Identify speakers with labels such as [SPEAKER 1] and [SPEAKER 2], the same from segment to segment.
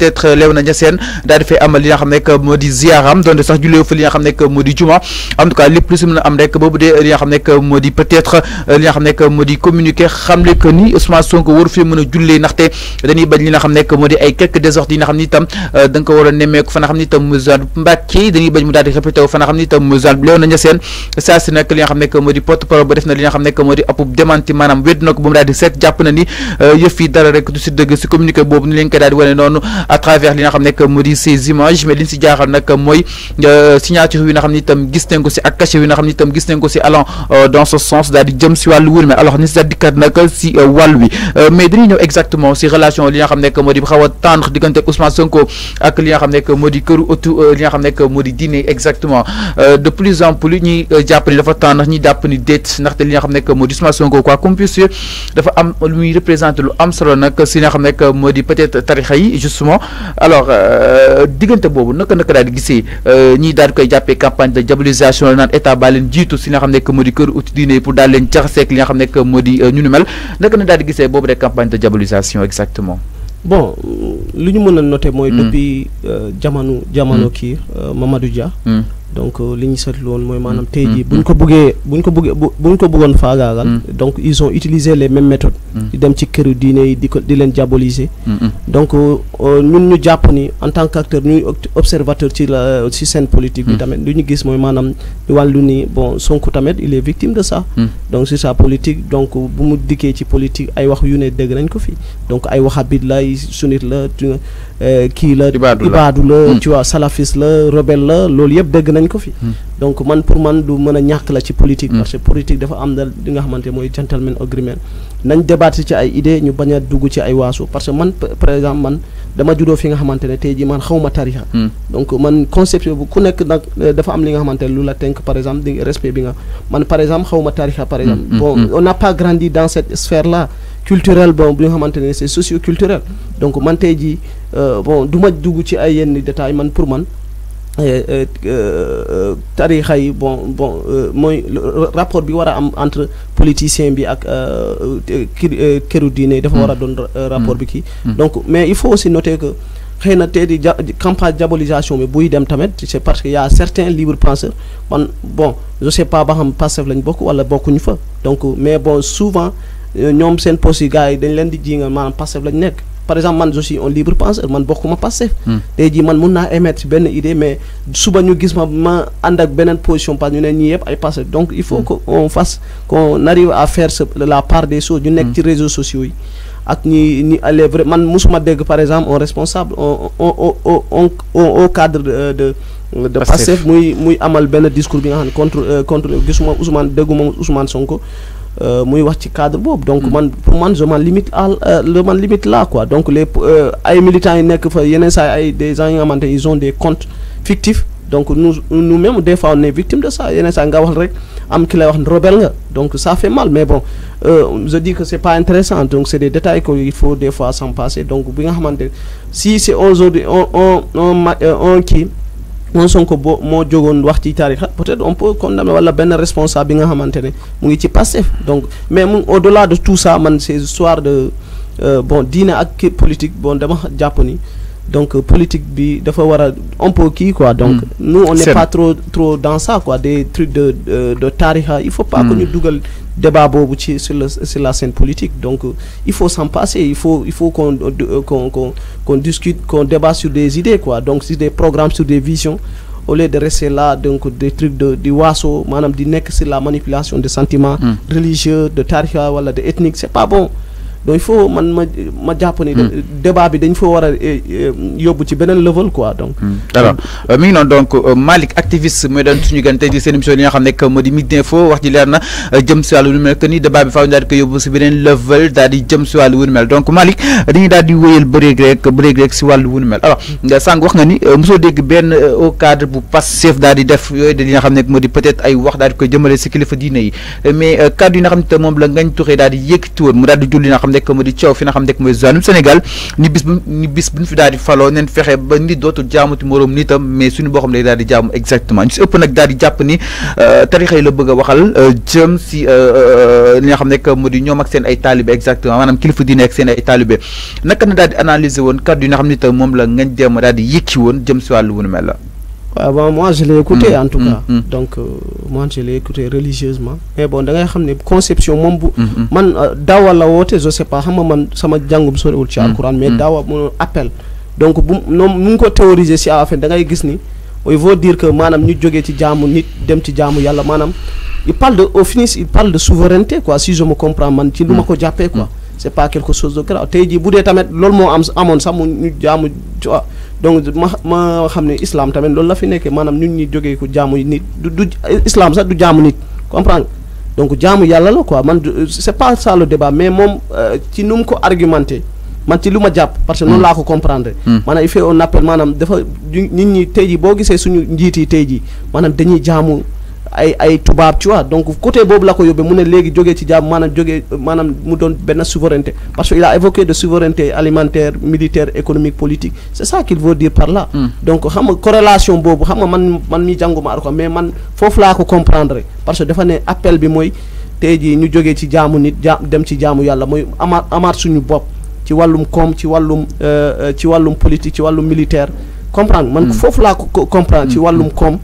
[SPEAKER 1] peut-être Léona Niassène daal di fay amal li nga xam modi moo don ziaram sax jullee fa li nga xam modi moo juma en tout cas li plus si am rek bobu dee li nga xam modi peut-être li nga xam modi communiquer di que ni Ousmane Sonko waru fi mën a naxté dañuy bañ li nga xam modi ay quelques désordres yi nga xamni tam itam ko war a ko fa xamni tam ni itam musaal dañuy bañ mu daal di répété fa nga xam ni itam musaal Léona Niassène saa si nag li nga xam nekk porte parole ba def na li nga xam modi moo di apub démenti maanaam wedd na ko mu daal di seet jàpp na ni yëf fi dara rek du ci dëgg ci communiquer bobu ni leen ko daal di wane noonu à travers les nga xam que mu ces images mais li ñu si jaaxal nag euh, signature yi nga xam ne itam gis nañ ko si ak cachet yi nga gis allant euh, dans ce sens d'aller j'aime jëm si mais alors ni si dit que nag si euh, wal wi mais dañuy exactement si relations li nga xam que modi di xaw a tendre Ousmane Sonko ak li nga xam que moo di këru auto li nga maudit dîner exactement de plus en plus ñi ni dafa tendre ñi ni d'après ndaxte li nga xam nekk moo di Ousmane Sonko quoi comme puisse dafa am lu muy représenté lu am solo nag si nga peut-être tarixa yi justement alors euh, diggante boobu naka naka daal di gisee euh, ñii daal di koy jàppee campagne de diabolisation la naan état baa leen jiitu si li nga xam nekk moo di kër uti diine pour daal leen jaxaseeg li nga xam nekk moo di euh, ñu ni mel naka na daal di gisee boobu rek campagne de diabolisation exactement.
[SPEAKER 2] bon lu ñu mën a noter mooy. Hmm. depuis jamono jamono hmm. kii Mamadou Dia. Hmm. donc euh, li ñu seetlu woon mooy maanaam mm. tey jii mm. buñ ko buñ mm. donc ils ont utilisé les mêmes méthodes. di dem ci këru diine di diaboliser. donc euh, euh, ñun ñu ni en tant qu'acteur observateur ci la ci scène politique tamit lu ñu gis mooy maanaam bon sonku tamit il est victime de ça. donc c'est sa politique donc bu mu dikkee ci politique ay wax yu ne dégg nañ ko fi donc ay la tu salafis la rebelle la nañ man a ñàkk mm. a par exemple man tarixa par mm, exemple mm, bon n'a pas grandi dans cette sphère là. culturel bon bi nga c'est socio culturel donc man tey jii euh, bon dugg ci ay yenn détails man pour man. Eh, eh, eh, tarixa yi bon bon euh, rapport bi wara am entre politiciens bi ak euh, euh, kii këru dafa wara don rapport bi ki mm. mm. donc mais il faut aussi noter que xeyna na di campagne diabolisation mais buy dem tamit c'est parce qu'il y a certains libre penseurs bon je sais pas ba xam Pastef lañ bokk wala bokkuñu fa donc mais bon souvent ñom seen c'est gaay dañ leen di ji manam passef lañ nek par exemple man aussi suis un libre penseur man ma Pastef hmm. tay jii man mun na émettre ben idée mais suba ñu gis ma ma ànd ak position pas ñu né ñii yëpp ay passé donc il faut hmm. qu'on fasse qu'on arrive à faire la part des choses ñu nekk hmm. ci réseaux sociaux yi ak ñi ñi les man musuma dégg par exemple un responsable on on au cadre de de Pastef muy muy amal ben discours bi nga xam contre euh, contre gisuma Ousmane dégguma Ousmane Sonko euh, muy wax ci cadre donc hmm. man pour man je m'en limite à le euh, man limite là quoi donc les euh, ay militants yi nek fa yeneen say ay des gens yi nga ils ont des comptes fictifs donc nous nous même des fois on est victime de ça yeneen saa nga wax rek am ki lay wax rebelle nga donc ça fait mal mais bon je dis que c'est pas intéressant donc c'est des détails qu'il faut des fois s'en passer donc bi nga si c'est aujourd'hui on on on on qui moom Sonko bo mo jogone wax ci taarix peut-être on peut condamner wala ben responsable bi nga xamantene ne mu ngi ci Pastef donc mais au-delà de tout ça man ces histoires de euh, bon à ak politique bon dama japp ni donc euh, politique bi dafa wara on peut qui quoi donc mm. nous on n'est pas trop trop dans ça quoi des trucs de de Il il faut pas que nous mm. dougal débat sur la scène politique donc euh, il faut s'en passer il faut il faut euh, qu'on qu'on qu'on discute qu'on débat sur des idées quoi donc c'est des programmes sur des visions au lieu de rester là donc des trucs de du waaso dit di que c'est la manipulation des sentiments mm. religieux de tariha, voilà, de ethnique c'est pas bon donc il faut man ma ma jàpp ni. Hmm. débat bi dañ fa war a eh, eh,
[SPEAKER 1] yóbbu ci beneen level quoi donc. Hmm. alors euh, mi ngi noonu donc euh, Malick activiste mooy doon suñu gan tey nga xam ne moo di Midi Info wax leer na euh, jëm si wàllu lu mel que ni débat bi faaw ñu daal di ko daal di jëm si wàllu wu mel donc Malick dañuy daal di wéyal bëreeg rek bëreeg rek si wàllu wu mel alors hmm. sànq wax nga ni mosoo dégg benn au cadre bu Pastef daal di def yooyu de li nga xam ne moo wax daal di koy si kilifa diine yi moom la ngañ tuxee daal di yëkkati woon mu daal di julli nekk mu di coow fi na xam nekk mooy zone Sénégal ni bis bu ni ñu fi daal di neen fexe ba nit dootul jaamuti moroom nitam mais suñu boo xam ne daal di jaamu exactement ñu si ëpp nag daal jàpp ni euh, tarixa yi la bëgg a waxal euh, jëm si euh, li nga xam nekk mu di ñoom ak seen ay taalibe exactement maanaam kilifa diine ak seen ay taalibe naka na daal di analyser woon kàddu yi nga xam ne itam moom la ngañ dem daal di yëkki woon jëm si wàllu wunu mel la
[SPEAKER 2] avant moi je l'ai écouté mm. en tout cas mm, mm. donc euh, moi je l'ai écouté religieusement mais bon da ngay xam conception moom man euh, dawa la wote, je sais pas xam nga man sama jàngum soriwul ci alquran mais dawa mon appel donc bu noom mu ngi ko théoriser si afin da ngay gis ni il veut dire que manam ñu jógee ci jaamu nit dem ci jaamu yalla manam il parle de au finish il parle de souveraineté quoi si je me comprends man ci luma ko jappé quoi c'est pas quelque chose de grave tay di bu dee tamit loolu moo am amone sax mu ñu jaamu donc ma ma xam ne islaam tamit loolu la fi nekkee maanaam ñu ñi jógee ko jaamu nit du du islaam sax du jaamu nit comprendre donc jaamu yàlla la quoi man c'est pas ça le débat mais moom euh, ci nu mu ko argumenté man ci lu ma jàpp parce que noonu hmm. laa ko comprendre hmm. maanaam il fait un maanaam dafa nit ñi tey jii boo gisee suñu njiit yi tey jii maanaam dañuy jaamu ay ay tubaab tu vois donc côté boobu la ko yóbbee mu ne léegi jógee ci jàmm maanaam jógee maanaam mu doon benn souveraineté parce que a évoqué de souveraineté alimentaire militaire économique politique c' est ça qu'il veut dire par là. Hmm. donc xam nga corrélation boobu xam nga man man mi jànguma ar ko mais man foofu laa ko comprendre parce que dafa ne appel bi mooy tey jii ñu jógee ci jaamu nit ja dem ci jaamu yàlla mooy amaat amaat suñu bopp ci wàllum kom ci wàllum euh, euh, ci wàllum politique ci wàllum militaire comprendre man hmm. foofu laa ko comprendre ci hmm. wàllum kom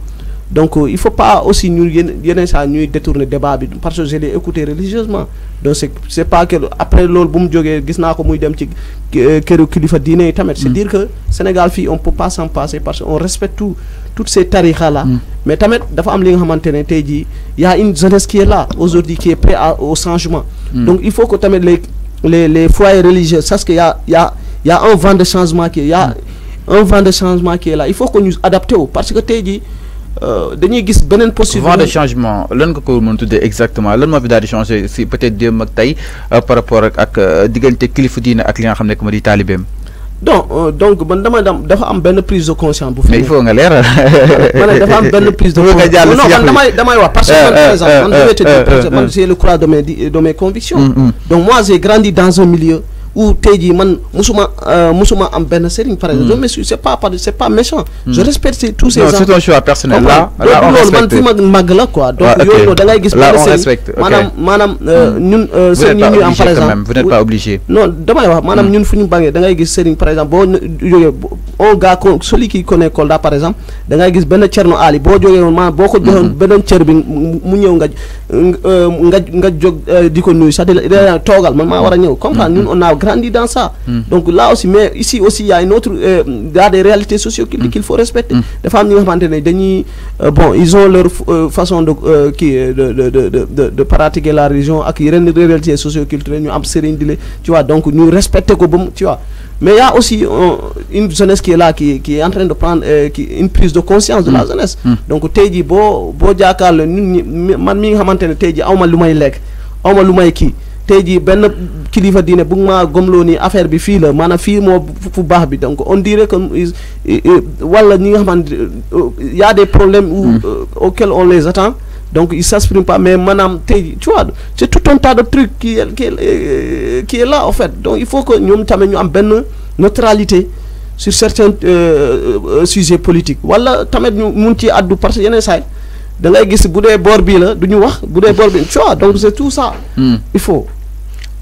[SPEAKER 2] donc euh, il faut pas aussi nous détourner ça détourner débat bi parce que je l'ai écouté religieusement donc c'est c'est pas que après l'autre, bu mu jógee gis naa muy dem ci euh, kilifa c'est mm. dire que Sénégal fi, on peut pas s'en passer parce qu'on respecte tout toutes ces tarifs là mm. mais tamit dafa am li nga y a une jeunesse qui est là aujourd'hui qui est prêt au changement mm. donc il faut que tamit les les les foyers religieux sachent qu'il y a y a y a un vent de changement qui y a
[SPEAKER 1] un vent de changement qui est là il faut que nous adapté parce que tey dit euh, dañuy gis beneen de changement ko exactement lan moo fi daal di peut-être deux ak euh, par rapport à euh, diggante kilifa diine ak li nga xam ne di
[SPEAKER 2] donc donc man dama dam dafa am prise conscience mais il faut
[SPEAKER 1] nga leeral. am non
[SPEAKER 2] le mes mes convictions. Mm, mm. donc moi j'ai grandi dans un milieu ou tey jii man musuma euh, musuma am ben sëriñ par exemple. Hmm. mais c'est pas c'est pas méchant. Hmm. je respecte tous ces gens. non c'est ton choix personnel là. là on respecte donc loolu man fi ma màgg la quoi. donc yooyu da ngay gis. là on respecte manam euh, hmm. ñun. Euh, sëriñ ñu am par exemple vous n'êtes pas
[SPEAKER 1] obligé non
[SPEAKER 2] dama wax manam ñun fuñu bangé da ngay gis sëriñ par exemple bo jógee un gars ko celui qui connaît Kolda par exemple da ngay gis ben Thierno Ali bo jógee woon maanaam boo ko joxoon beneen bi mu ñëw nga nga nga jog di ko nuyu cest à togal man ma wara a comprendre ñun on a grandi dans ça. Hmm. Donc là aussi, mais ici aussi, il y a une autre, euh, y a des réalités sociales hmm. qu'il faut respecter. Hmm. Les femmes, euh, bon, ils ont leur euh, façon de, qui, de, de, de, pratiquer la religion, qui une réalité socioculturelle, nous tu vois, donc nous respectons, tu vois. Mais il y a aussi une jeunesse qui est là, qui, qui est en train de prendre une prise de conscience de la jeunesse. Donc, tu dis, bo, bo, diakal, man, mi, hamantene, tu dis, ah, ma, l'oumaï, lek, ah, ma, qui tey jii benn kilifa diine bu ma gomloo ni affaire bi fii la maanaam fii moo fu baax bi donc on dirait que euh, euh, wala ñi nga xamante euh, y a des problèmes mm. auxquels on les attend donc ils s'expriment pas mais maanaam tey tu vois c'est tout un tas de trucs qui qui qui est là en fait donc il faut que ñoom tamit ñu am benn neutralité sur certains sujets politiques wala tamit ñu mun ci addu parce que yeneen saay da ngay
[SPEAKER 1] gis bu dee boor bii la du ñu wax bu dee boor bi tu vois donc c'est tout ça mm. il faut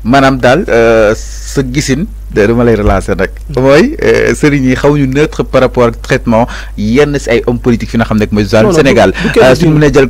[SPEAKER 1] manam dal euh sa gisin dama lay relancer nag mm-hmm. mooy euh, serigne yi xaw neutre par rapport ak traitement yenn si ay hommes politiques fi nga xam ne mooy zone Sénégal euh, suñu mënee jël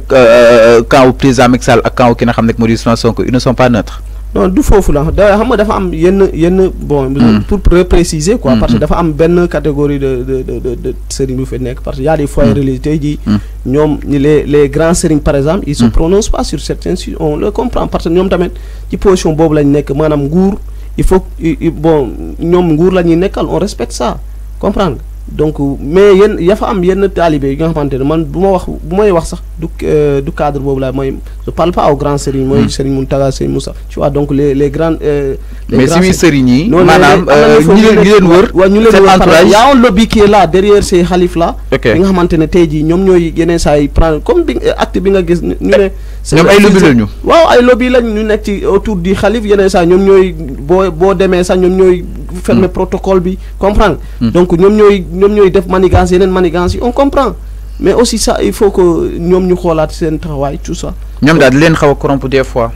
[SPEAKER 1] quand euh, wu président Macky Sall ak quand wu ki nga xam ne mooy Sonko ils ne sont pas neutres
[SPEAKER 2] non du fofu la da xam nga dafa am yenn yenn bon. Hmm. pour préciser quoi. Hmm, parce que hmm. dafa am benn catégorie de de de de sëriñ bu fi nekk parce que y a des fois religieux tey ñom ni les les grands sëriñ par exemple. ils se prononcent pas sur certains sujets on le comprend parce que ñom tamit ci position bobu lañ nekk manam nguur il faut bon ñom nguur la nekkal on respecte ça comprendre donc mais yenn ya fa am yenn taalibe yi nga xamante ne man bu ma wax bu may wax sax du euh, du cadre boobu laa mooy je parle pas au grand sëriñ. mooy hmm. sëriñ Mountaga sëriñ Moussa. tu vois donc les les grands. Euh, mais si muy sëriñ yi. maanaam euh, ñi leen ñi leen wër. waaw ñu leen wër y a un lobby qui est là xalif là. bi nga xamante ne tey jii ñoom ñooy yeneen saa yi prendre comme bi acte bi nga gis ñu ne. ñoom ay lobby lañu waaw ay lobby lañ nekk ci autour du xalif yeneen sax ñoom ñooy boo boo demee sax ñoom ñooy fermer hmm. protocole bi comprendre hmm. donc ñoom ñooy ñoom ñooy def manigance yeneen manigance on comprend mais aussi ça il faut que ñoom ñu xoolaat seen travail tout ça
[SPEAKER 1] ñoom daal leen xaw a corrompre des fois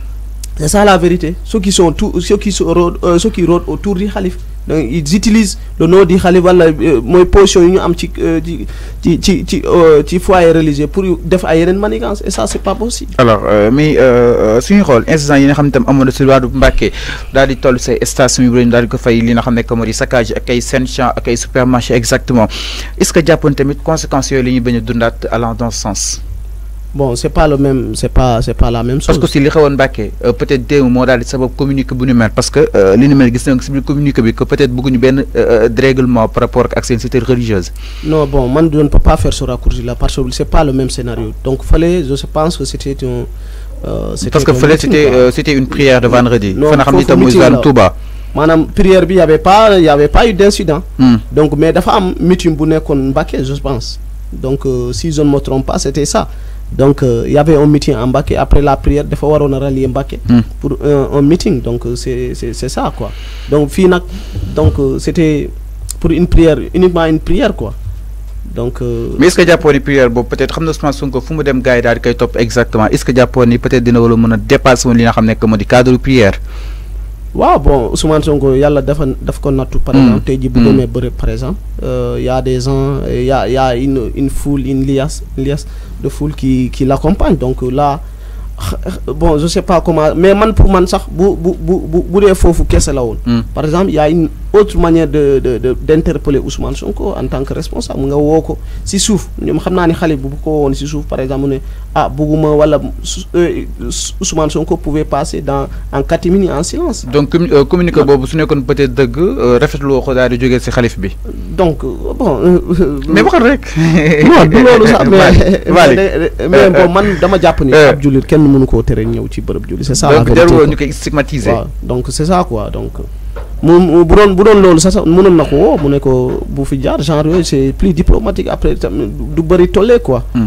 [SPEAKER 2] c'est ça la vérité ceux qui sont tout ceux qui sont euh, ceux qui rôdent autour du xalif donc utilise utilisent le di xale wala euh, mooy position yu ñu am euh, ci ci ci ci ci euh, ci foyer religieux pour def ay yeneen manigance et ça c'est pas possible.
[SPEAKER 1] alors su ñu xool incident yi nga xam ne tam amoon na si waadu Mbàkke daal di toll say station yu bëri daal di ko fay li nga xam ne que moo di saccage ak ay seen champs ak ay supermarché exactement est-ce que jàppoon tamit conséquences yooyu la ñuy bañ a dundaat allant dans sens. bon
[SPEAKER 2] c'est pas le même c'est pas c'est pas la même chose. parce que si
[SPEAKER 1] li xewoon Mbàkke euh, peut-être déew moo daal di communiquer communiqué bu parce que euh, li ñu mel gis communiquer bi que peut-être beaucoup bëgguñu bien euh, règlement par rapport à ces cité religieuses.
[SPEAKER 2] non bon moi je ne peux pas faire ce raccourci là parce que c'est pas le même scénario donc fallait je pense que c'était un. parce que fallait c'était
[SPEAKER 1] c'était une prière de vendredi. non foofu mitin la fan nga
[SPEAKER 2] xam ni prière bi y avait pas il y avait pas eu d'incident. Hmm. donc mais dafa am meeting bu nekkoon Mbàkke je pense donc si je ne me trompe pas c'était ça. Donc, euh, il y avait un meeting à Mbaké. Après la prière, des fois, on a rallié Mbaké hmm. pour un, un, meeting. Donc, euh, c'est ça, quoi. Donc, Finac, donc euh, c'était pour une prière, uniquement une prière, quoi.
[SPEAKER 1] Donc, Mais est-ce que japonais, prière bon, Peut-être que un Sonko, gars dem gaïda, top exactement. Est-ce que japonais, peut-être que nous dépassons le cadre de prière
[SPEAKER 2] Wow, bon souvent Sonko y dafa daf ko qui hmm. hmm. par exemple euh, y' a des gens euh, y' a y' a une foule une de foule qui qui donc euh, là bon je sais pas comment mais man pour man sax vous bu bu bu hmm. par exemple y' a une autre manière de de de Ousmane Sonko en tant que responsable nga woo ko si suuf ñoom xam ni xale bu ko won ci souf par exemple ne ah bëgguma wala euh, Ousmane Sonko pouvait passer dans en catimini en silence.
[SPEAKER 1] donc euh, communiqué ah. bobu su nekkoon peut être dëgg euh, rafetlu ko daal di jógee bi.
[SPEAKER 2] donc bon. mais waxal rek. non du loolu sax mais. mais bon man
[SPEAKER 1] dama japp ni. ab
[SPEAKER 2] kenn mënu ko téré ñew ci bërëb jullit. c'est ça donc jarul ñu koy stigmatiser. donc c'est ça quoi donc. mu bu doon bu doon loolu sax sax mënoon na ko woo mu ne ko bu fi jaar genre yooyu c'est plus diplomatique après du bëri tollee quoi.
[SPEAKER 1] Hmm.